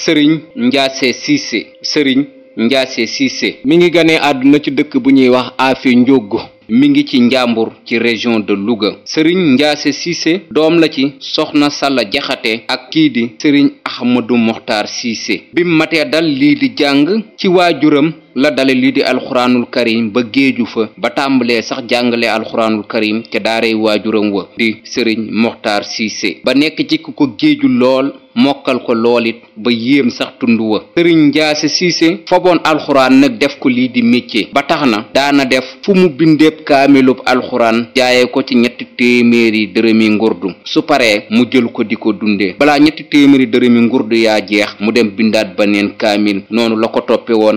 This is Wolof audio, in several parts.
Serigne Ndiassé Cissé Serigne Ndiassé Cissé mi ngi ganee àdduna ci dëkk bu ñuy wax Afe Ndiogo mi ngi ci njàmbur ci région de Louga Serigne Ndiassé Cissé doom la ci soxna Salla Jaxate ak kii di Serigne Ahmadou Mokhtar Cissé bi matee dal lii di jàng ci waajuram la dale lii di alxuraanul karim ba géeju fa ba tàmbalee sax jàngale alxuraanul karim ca daaray waajuram wa di sëriñ moxtaar siise ba nekk ci ku ko géeju lool mokkal ko loolit ba yéem sax tund wa sëriñ njaase siise foboon alxuraan nag def ko lii di métier ba tax na daana def fu mu bindeeb kaamilub alxuraan jaayee ko ci ñetti téeméeri dërëmi ngurdu su paree mu jël ko di ko dundee balaa ñetti téeméeri dërëmi ngurdu yaa jeex mu dem bindaat baneen kaamil noonu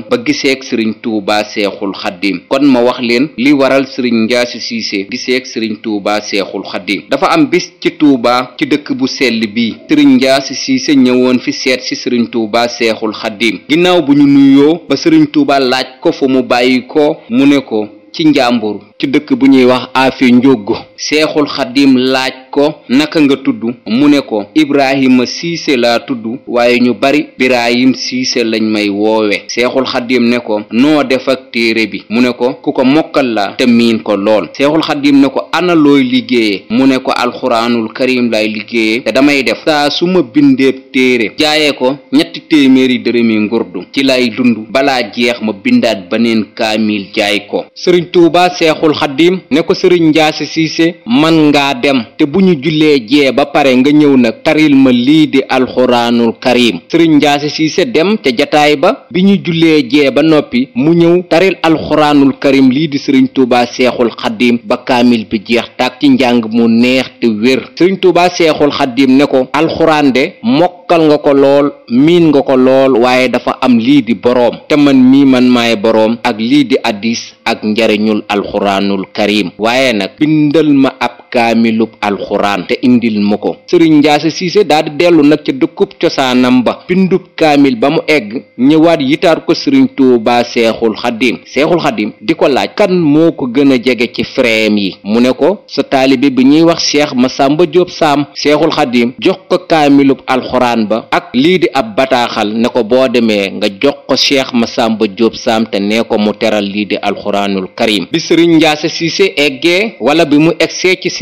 ba giseek sëriñ tuubaa seexul xaddim kon ma wax leen li waral sëriñ Ndiassou Cissé giseeg sëriñ tuubaa seexul xaddim dafa am bis ci tuubaa ci dëkk bu sell bi sëriñ Ndiassou Cissé ñëwoon fi seet si sëriñ tuuba seexul xaddim ginnaaw bu ñu nuyoo ba sëriñ tuubaa laaj ko fu mu bàyyi ko mu ne ko ci njàmbur ci dëkk bu ñuy wax afe njóggo seexul xaddim laaj ko naka nga tudd mu ne ko ibrahima siise laa tudd waaye ñu bari biraayim siise lañ may woowe seexul xadim ne ko noo def ak téere bi mu ne ko ku ko mokkal la te miin ko lool seexul xadim ne ko ana looy liggéeye mu ne ko alxuraanul karim lay liggéeye te damay def saa su ma bindeeb téere jaayee ko ñetti téeméeri dërëmi ngurdu ci lay dund balaa jeex ma bindaat baneen kaamil jaay ko sëriñ tuuba seexul xaddim ne ko sëriñ njaase siise man ngaa dem te bu ñu jullee jee ba pare nga ñëw nag taril ma lii di alxuraanul karim sëriñ njaase siise dem ca jataay ba bi ñu jullee jee ba noppi mu ñëw taril alxuraanul karim lii di sëriñ tuuba seexul xaddim bi jeex tàkk ci njàng mu neex te wér sëriñ tuuba seexul xaddim ne ko alxuraan de mokkal nga ko lool miin nga ko lool waaye dafa am lii di boroom te man mii man maay boroom ak lii di addis ak njariñul alxuraanul karim waaye nag bindal ma ab kaamilub alxuraan te indil ma ko sëriñ njaase siise daal di dellu nag ca dëkkub cosaanam ba bindub kaamil ba mu egg ñëwaat yitaar ko sëriñ tuubaa seexul xadim seexul xadim di ko laaj kan moo ko gën a jege ci freem yi mu ne ko sa taalibe bi ñuy wax seex sàmba jóob saam seexul xadim jox ko kaamilub alxuraan ba ak lii di ab bataaxal ne ko boo demee nga jox ko seex sàmba jóob saam te nee ko mu teral lii di alxuraanul karim bi sëriñ njaase siise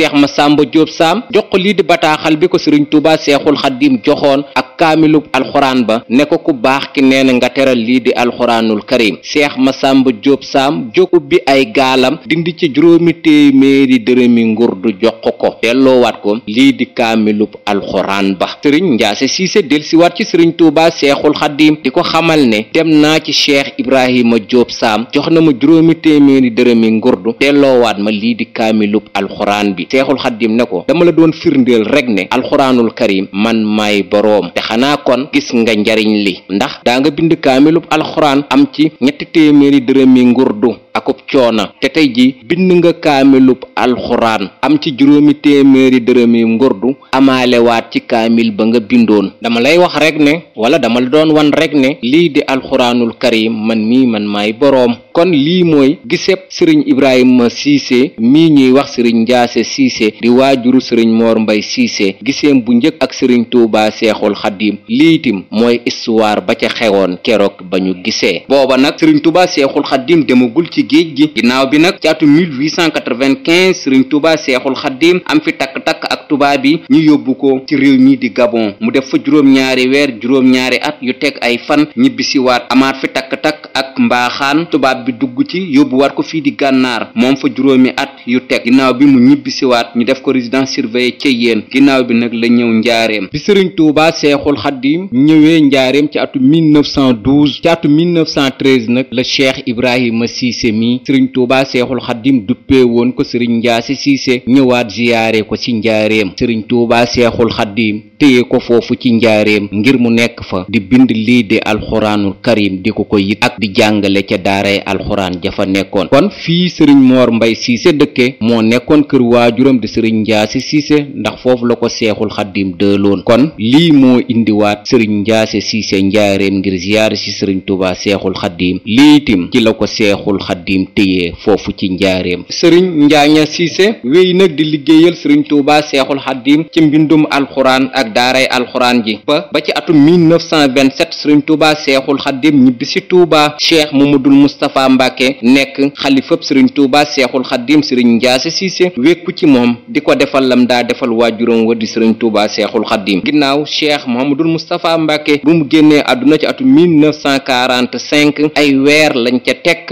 seex Masamba Diop Sam jox ko lii di bataaxal bi ko Serigne Touba Seexul Xaddim joxoon ak kaamilub alxuraan ba ne ko ku baax ki nee na nga teral lii di alxuraanul karim seex masamba jóob saam jóg ubbi ay gaalam dindi ci juróomi téeméeri dërëmi ngur du jox ko delloowaat ko lii di kaamilub alxuraan ba sëriñ njaase siise delsiwaat ci sëriñ tuuba seexul xaddiim di ko xamal ne dem naa ci cheikh ibrahima jóob sam jox na ma juróomi téeméeri dërëmi ngurdu delloowaat ma lii di kaamilub alxuraan bi seexul xaddiim ne ko dama la doon firndeel rek ne alxuraanul xanaa kon gis nga njariñ li ndax daa nga bind kaamilub alxuraan am ci ñetti téeméeri dërëmi ngurdu akub coona te tey ji bind nga kaamilub alxuraan am ci juróomi téeméeri dërëmi ngurdu amaalewaat ci kaamil ba nga bindoon dama lay wax rek ne wala dama doon wan rek ne lii di alxuraanul karim man mii man maay boroom kon lii mooy giseb sëriñ ibrahima siise mii ñuy wax sëriñ njaase siise di waajuru sëriñ moor mbay siise giseem bu njëkk ak sëriñ tuubaa seexul xadim liitim mooy istuwaar ba ca xewoon keroog ba ñu gisee booba nag sëriñ tuubaa seexul ginnaaw bi nag ci atu 1895 sëriñ tuuba seexul xaddim am fi takk-takk ak tubaab yi ñu yóbbu ko ci réew mi di gabon mu def fa juróom-ñaari weer juróom-ñaari at yu teg ay fan ñibbisiwaat amaat fi takk-takk ak mbaaxaan tubaab bi dugg ci yóbbu waat ko fii di gànnaar moom fa juróomi at yu teg ginnaaw bi mu ñibbisiwaat ñu def ko résidence surveillée ca yéen ginnaaw bi nag la ñëw njaareem bi sëriñ tuuba seexul xaddim ñëwee njaareem ci atu 1912 ci atu 1913 nag la cheikh ibrahima siise mi sëriñ tuuba seexul xaddim duppee woon ko sëriñ njaase siise ñëwaat ziyaare ko ci njaareem sëriñ tuuba seexul xaddim téye ko foofu ci njaareem ngir mu nekk fa di bind lii di alxuraanul karim di ko ko yit ak di jàngale ca daaray alxuraan jafa nekkoon kon fii sëriñ moor mbay siise dëkke moo nekkoon kër waajuram di sëriñ njaase siise ndax foofu la ko seexul xaddim dëloon kon lii moo indiwaat sëriñ njaase siise njaareem ngir ziyaare ci sëriñ tuuba téye foofu ci njaareem sëriñ njaaña siise wéy nag di liggéeyal sëriñ tuuba seexul xaddim ci mbindum alxuraan ak daaray alxuraan ji ba ba ci atum 1927 sëriñ tuuba seexul xaddim ñibbi si tuuba cheikh mamadul mustapha mbàkke nekk xalifab sëriñ tuuba seexul xaddim sëriñ njaase siise wékku ci moom di ko defal lam daa defal waajuram wa di sëriñ tuuba seexul xaddim ginnaaw cheikh mamadul mustapha mbàkke bu mu génnee àdduna ci atum 1945 ay weer lañ ca tekk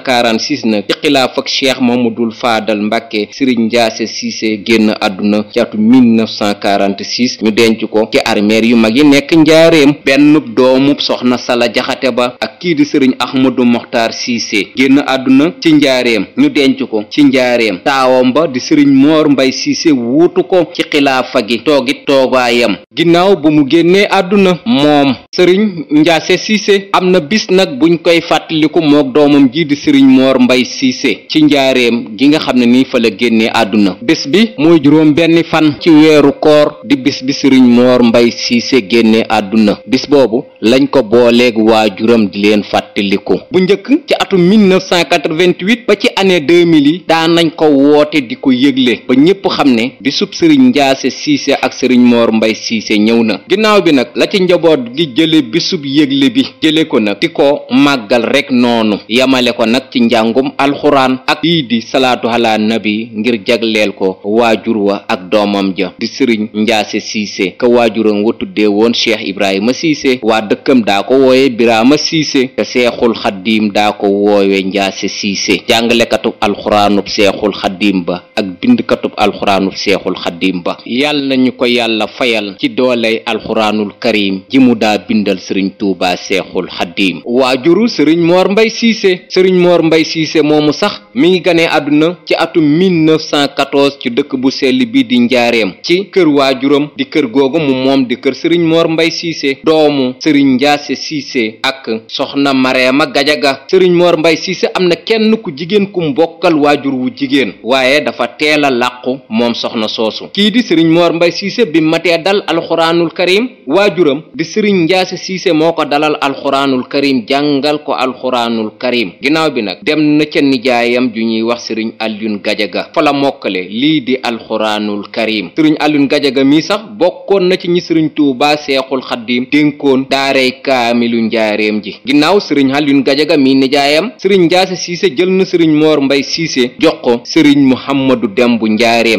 1946 nag ci xilaaf ak cheikh Mamadou Fadal Mbacke Serigne Ndiasse Cissé génn àdduna ci atu 1946 ñu denc ko ci armeer yu mag yi nekk njaareem benn doomu soxna Sala Jaxate ba ak kii di Serigne Ahmadou Mokhtar Cissé génn àdduna ci njaareem ñu denc ko ci njaareem taawam ba di Serigne moor Mbay Cissé wuutu ko ci xilaafa gi toogit toogaayam ginnaaw bu mu génnee àdduna moom Serigne Ndiasse Cissé am na bis nag buñ koy fàttaliku mook doomam ji di sëriñ moor mbay siise ci njaareem gi nga xam ni fa la génne àdduna bés bi mooy juróom benn fan ci weeru koor di bis bi sëriñ moor mbay siise génne àdduna bis boobu lañ ko booleeg waajuram di leen fàttaliku bu njëkk ci atum 1988 ba ci année 2000 mili daan nañ ko woote di ko yëgle ba ñépp xam ne bisub sëriñ Njaase Siise ak sëriñ Moor Mbay Siise ñëw na ginnaaw bi nag la ci njaboot gi jële bisub yëgle bi jële ko nag di ko màggal rek noonu yemale ko nag ci njàngum alxuraan ak lii di salaatu ala nabi ngir jagleel ko waajur wa ak doomam ja di sëriñ Njaase Siise ka waajuram wa tuddee woon Cheikh Ibrahima Siise dëkkam daa ko wooye a siise te seexul xaddiim daa ko woowe njaase siise jàngalekatub alxuraanub seexul xaddiim ba ak bindkatub alxuraanub seexul xaddiim ba yàlla nañu ko yàlla fayal ci dooley alxuraanul karim ji mu daa bindal sëriñ tuubaa seexul xaddiim waajuru sëriñ moor mbay siise sëriñ moor mbay siise moomu sax mi ngi gane àdduna ci atum 1914 ci dëkk bu sell bi di njaareem ci kër waajuram di kër googu mu moom di kër sëriñ moor mbay siise doomu sëriñ sëriñ njaase siise ak soxna mareema gajaga sëriñ moor mbay siise am na kenn ku jigéen ku mbokkal waajur wu jigéen waaye dafa teel a làqu moom soxna soosu kii di sëriñ moor mbay siise bi matee dal alxuraanul karim waajuram di sëriñ njaase siise moo ko dalal alxuraanul karim jàngal ko alxuraanul karim ginnaaw bi nag dem na ca nijaayam ju ñuy wax sëriñ Alioune Gajaga fa la mokkale lii di alxuraanul karim sëriñ Alioune Gajaga mii sax bokkoon na ci ñi sëriñ Tuubaa Seexul Xaddiim daaray kaamilu njaareem ji ginnaaw sëriñ Alioune Gadiaga mi nijaayam sëriñ Ndiasse Cissé jël na sëriñ moor mbay Cissé jox ko sëriñ Mouhamadou dem bu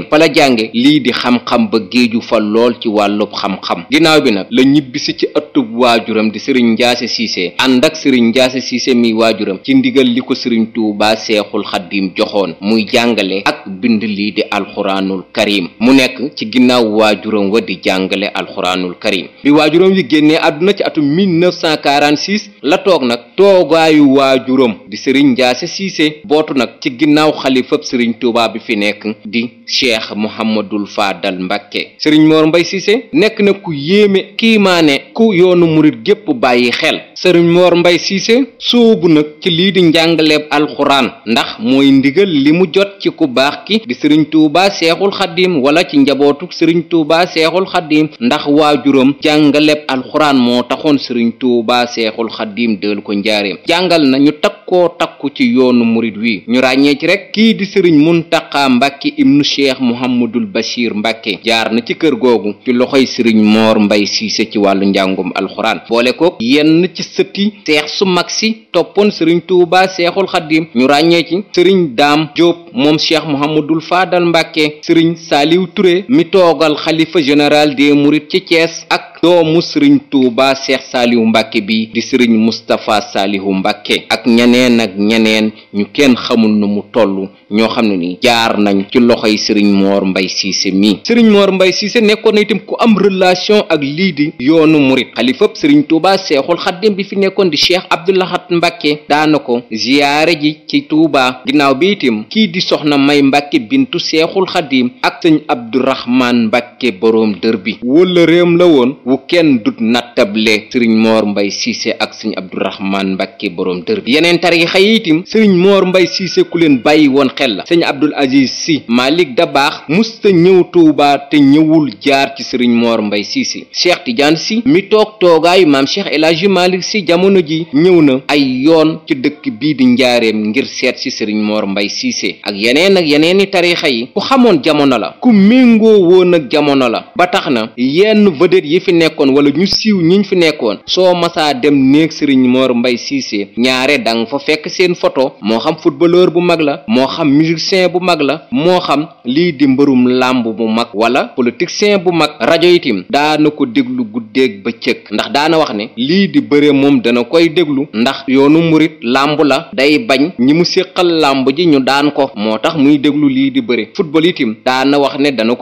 fa la jànge lii di xam-xam ba géeju fa lool ci wàllu xam-xam ginnaaw bi nag la ñibbisi ci ëttub waajuram di sëriñ njaase siise ànd ak sëriñ njaase siise mi waajuram ci ndigal li ko sëriñ tuubaa seexul xaddiim joxoon muy jàngale ak bind lii di alxuraanul karim mu nekk ci ginnaaw waajuram wa di jàngale alxuraanul karim bi waajuram wi génnee àdduna ci atum 1946 la toog nag toogaayu waajuram di sëriñ njaase siise bootu nag ci ginnaaw xalifab sëriñ tuubaa bi fi nekk di cheikh muhammadul faadal mbàkke sëriñ moor mbay siise nekk na ku yéeme kiimaane yoonu murit gépp bàyyi xel sëriñ moor mbay siise soobu nag ci lii di njàngaleeb alxuraan ndax mooy ndigal li mu jot ci ku baax ki di sëriñ tuuba seexul xaddiim wala ci njabootu sëriñ tuuba seexul xaddiim ndax waajuram jàngaleeb alxuraan moo taxoon sëriñ tuuba seexul xaddiim del ko njaareem jàngal na ñu takkoo takku ci yoonu murit wi ñu ràññee ci rek kii di sëriñ muntaqa mbàkke ibnu cheikh muhammadul bashir mbàkke jaar na ci kër googu ci loxoy sëriñ moor mbay siise ci wàllu njàngum njàngum alxuraan boole ko yenn ci sëtti seex su mag si toppoon sëriñ tuuba seexul xaddim ñu ràññee ci sëriñ daam jóob moom cheikh mouhamadul faadal mbàkke sëriñ saaliw ture mi toogal xalifa général des mourides ci Thiès ak doomu sëriñ tuuba seex saalihu mbàkke bi di sëriñ mustapha saalihu mbàkke ak ñeneen ak ñeneen ñu kenn xamul nu mu toll ñoo xam ne ni jaar nañ ci loxo yi sëriñ moor mbay siise mi sëriñ moor mbay siise nekkoon na itam ku am relation ak lii di yoonu murit xalifab sëriñ tuuba seexul xaddim bi fi nekkoon di cheikh abdoulahat mbàkke daana ko ziyaare ji ci tuuba ginnaaw bi itam kii di soxna may mbàkke bintu seexul xaddim ak sëñ abdourahman mbàkke boroom dër bi wala réem la woon wu kenn dut nattable sëriñ moor mbay siise ak sëriñ abdourahman mbàkke borom dër bi yeneen tarixa yi itim sëriñ moor mbay siise ku leen bàyyi woon xel la sëriñ abdul aziz si malik dabaax musta ñëw tuubaa te ñëwul jaar ci sëriñ moor mbay siise cheikh tidiane si mi toog toogaayu maam cheikh el hadji malik si jamono ji ñëw na ay yoon ci dëkk bii di njaareem ngir seet si sëriñ moor mbay siise ak yeneen ak yeneeni tarixa yi ku xamoon jamono la ku méngoo woon ak jamono la ba tax na yenn vedette yi fi nekkoon wala ñu siiw ñu fi nekkoon soo masaa dem néeg sëriñ moor Mbay Cissé ñaare danga fa fekk seen photo moo xam footballeur bu mag la moo xam musicien bu mag la moo xam lii di mbërum làmb bu mag wala politicien bu mag rajo itim daana ko déglu ba bëccëg ndax daana wax ne lii di bëre moom dana koy déglu ndax yoonu murit làmb la day bañ ñi mu séqal làmb ji ñu daan ko moo tax muy déglu lii di bëre football itim daana wax ne dana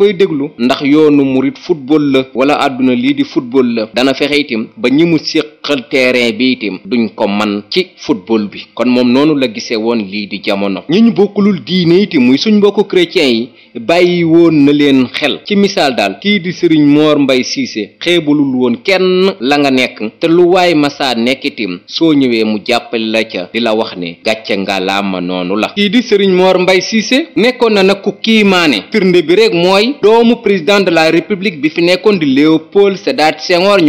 football la dana fexe itam ba ñi mu suqal terrain bi itam duñ ko man ci football bi kon moom noonu la gisee woon lii di jamono ñi ñu bokkulul diine itam muy suñ mbokku chrétiens yi bàyyi woon na leen xel ci misaal daal kii di sëriñ moor Mbay Siise xeebalul woon kenn la nga nekk te lu waay masaa nekk itam soo ñëwee mu jàppale la ca di la wax ne gàcce nga laama noonu la kii di sëriñ moor Mbay Siise nekkoon na nag ku kiimaane firnde bi rek mooy doomu président de la république bi fi nekkoon di Léopold Sédar Senghor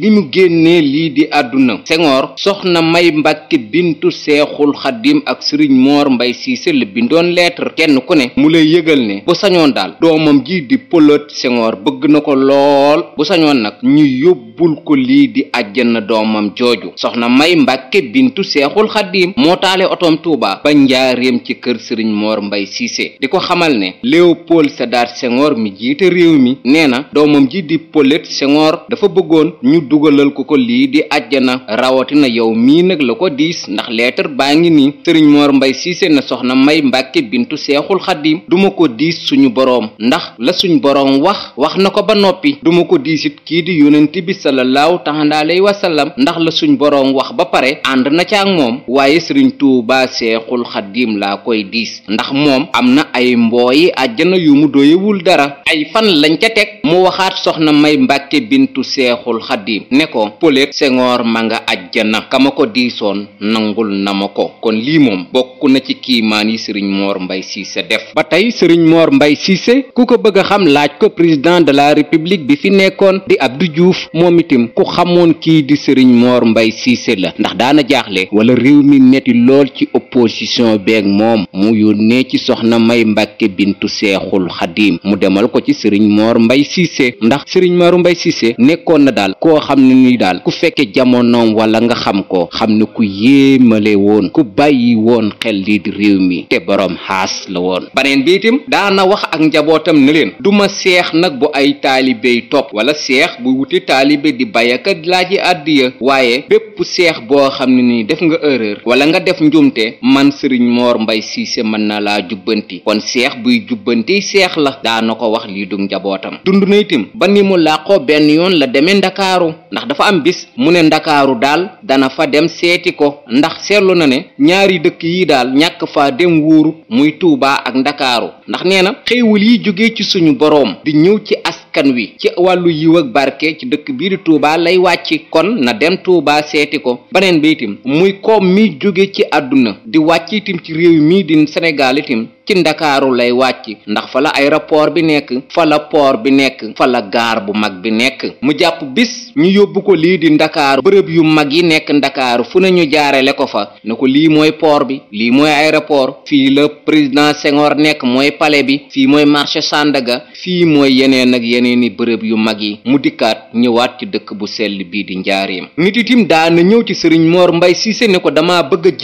bi mu génnee lii di àdduna Senghor soxna May Mbàkke bintu Seexul Xadim ak Sëriñ Moor Mbay Siise la bindoon lettre kenn ku ne mu la yëgal ne bu sañoon daal doomam ji di Polat Senghor bëgg na ko lool bu sañoon nag ñu yóbbul ko lii di àjjana doomam jooju soxna May Mbàkke bintu Seexul Xadim moo taale otoom Tuuba ba njaareem ci kër Sëriñ Moor Mbay Siise di ko xamal ne Léopold Sédar Senghor mi jiite réew mi nee na doomam ji di Polat Senghor dafa bëggoon dugalal ko ko lii di àjjana rawatina yow mii nag la ko diis ndax leetar baa ngi nii sëriñ moor mbay siise na soxna may mbàkke bintu seexul xaddim duma ko diis suñu boroom ndax la suñu boroom wax wax na ko ba noppi duma ko diisit kii di yonent bi sallallahu taala alayhi wa sallam ndax la suñ boroom wax ba pare ànd na caa moom waaye sëriñ tuubaa seexul xaddim laa koy diis ndax moom am na ay mbooyi àjjana yu mu doyewul dara ay fan lañ ca teg mu waxaat soxna may mbàkke bintu seexul xaddim Xaadim ne ko pëleeg Senghor ma nga ajjana a ko diisoon nangul na ma ko kon lii moom bokk na ci kiimaan yi sëriñ moor Mbay Siise def ba tey sëriñ Mor Mbay Siise ku ko bëgg a xam laaj ko président de la république bi fi nekkoon di Abdou juuf moom itam ku xamoon kii di sëriñ moor Mbay Siise la ndax daana jaaxle wala réew mi metti lool ci opposition beeg moom mu yónnee ci soxna May Mbàkke bintu Seexul Xaadim mu demal ko ci sëriñ Mor Mbay Siise ndax sëriñ koo xam ne ni daal ku fekke jamonoom wala nga xam ko xam ne ku yéemale woon ku bàyyi woon xel lii di réew mi te boroom xaas la woon baneen bi itam daana wax ak njabootam ne leen duma seex nag bu ay taalibey topp wala seex bu wuti taalibe di bayaka laaji àddiya waaye bépp seex boo xam ne nii def nga erreur wala nga def njuumte man sëriñ moor mbay siise mën na laa jubbanti kon seex buy jubbanti seex la daana ko wax lii du njabootam dund na itam ndax dafa am bis mu ne ndakaaru daal dana fa dem seeti ko ndax seetlu na ne ñaari dëkk yi daal ñàkk fa dem wóorut muy tuuba ak ndakaaru ndax nee na xéewal yi jóge ci suñu boroom di ñëw ci askan wi ci wàllu yiw ak barke ci dëkk bii di Touba lay wàcc kon na dem Touba seeti ko beneen bi muy koom mi jóge ci àdduna di wàcc ci réew mii di senegalitim ci ndakaaru lay wàcc ndax fa la aéroport bi nekk fa la port bi nekk fa la gaar bu mag bi nekk mu jàpp bis ñu yóbbu ko lii di ndakaaru bërëb yu mag yi nekk ndakaaru fu ñu jaarele ko fa ne ko lii mooy port bi lii mooy aéroport fii la président Senghor nekk mooy pale bi fii mooy marché Sandaga fii mooy yeneen ak yeneeni bërëb yu mag yi mu dikkaat ñëwaat ci dëkk bu sell bii di njaareem nit itim daana ñëw ci sëriñ Mor Mbay Siise ne ko dama bëgg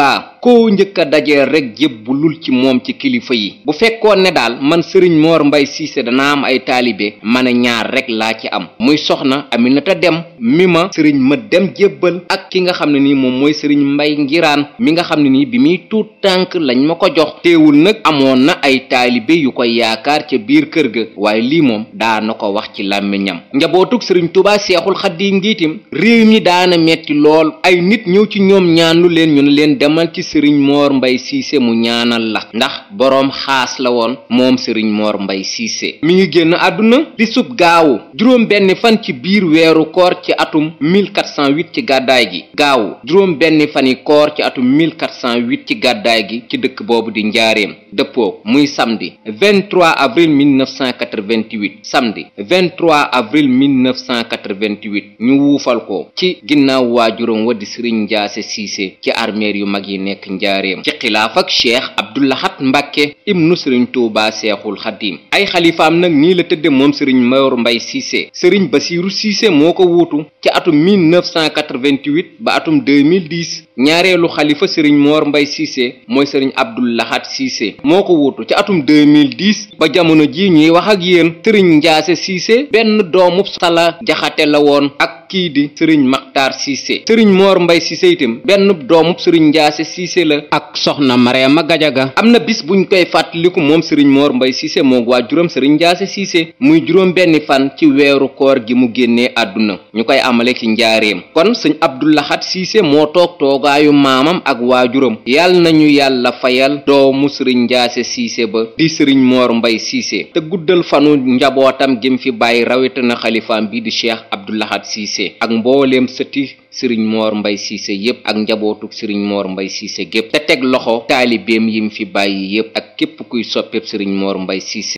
a koo njëkk a dajee rek jébbulul ci moom ci kilifa yi bu fekkoon ne daal man sëriñ moor mbay siise danaa am ay taalibe ma ne ñaar rek laa ci am muy soxna aminata dem mi ma sëriñ ma dem jébbal ak ki nga xam ne nii moom mooy sëriñ mbay ngiraan mi nga xam ne nii bi muy tuut tànk lañ ma ko jox teewul nag amoon na ay taalibe yu ko yaakaar ca biir kër ga waaye lii moom daana ko wax ci làmmiñam njabootug sëriñ tubaa seexul xaddi ngiitim réew mi daana metti lool ay nit ñëw ci ñoom ñaanu leen ñu ne sëriñ moor mbay siise mu ñaanal la ndax boroom xaas la woon moom sëriñ moor mbay siise mi ngi génn àdduna bisub gaawu juróom benn fan ci biir weeru koor ci atum 1408 ci gàddaay gi gaawu juróom benn fani koor ci atum 1408 ci gàddaay gi ci dëkk boobu di njaareem dëppoo muy samedi 23 avril 1988 samedi 23 avril 1988 ñu wuufal ko ci ginnaaw waajuram wa di sëriñ njaase siise ci armeel yu mag yi nekk nekk njaareem ci xilaafak cheikh abdoulahat mbàkke ibnu sëriñ tuuba seexul xadim ay xalifaam nag nii la tëdde moom sëriñ mayor mbay siise sëriñ basiiru siise moo ko wuutu ci atum 1988 ba atum 2010 ñaareelu xalifa sëriñ moor mbay siise mooy sëriñ abdoulahat siise moo ko wuutu ci atum 2010 ba jamono ji ñuy wax ak yéen sëriñ njaase siise benn doomub sala jaxate la woon ak kii di sëriñ Makhtar Cissé sëriñ moor mbay Cissé itam benn doomub sëriñ Ndiassé Cissé la ak soxna Mariama Gadiaga am na bis buñ koy fàttaliku moom sëriñ Mor Mbaye Cissé moog waa juróom sëriñ Ndiassé Cissé muy juróom benni fan ci weeru koor gi mu génnee àdduna ñu koy amale ci njaareem kon sëñ Abdou Lahad Cissé moo toog toogaayu maamam ak waa waajuram yàlla nañu yàlla fayal doomu sëriñ Ndiassé Cissé ba di sëriñ moor mbay Cissé te guddal fanu njabootam gim fi bàyyi rawatina xalifaam bi di Cheikh Abdou Lahad Cissé ak mbooleem sëti sëriñ moor Mbay Cissé yépp ak njabootu sëriñ moor Mbay Cissé gépp te teg loxo taalibeem yim fi bàyyi yépp ak képp kuy soppeeb sëriñ moor Mbay Cissé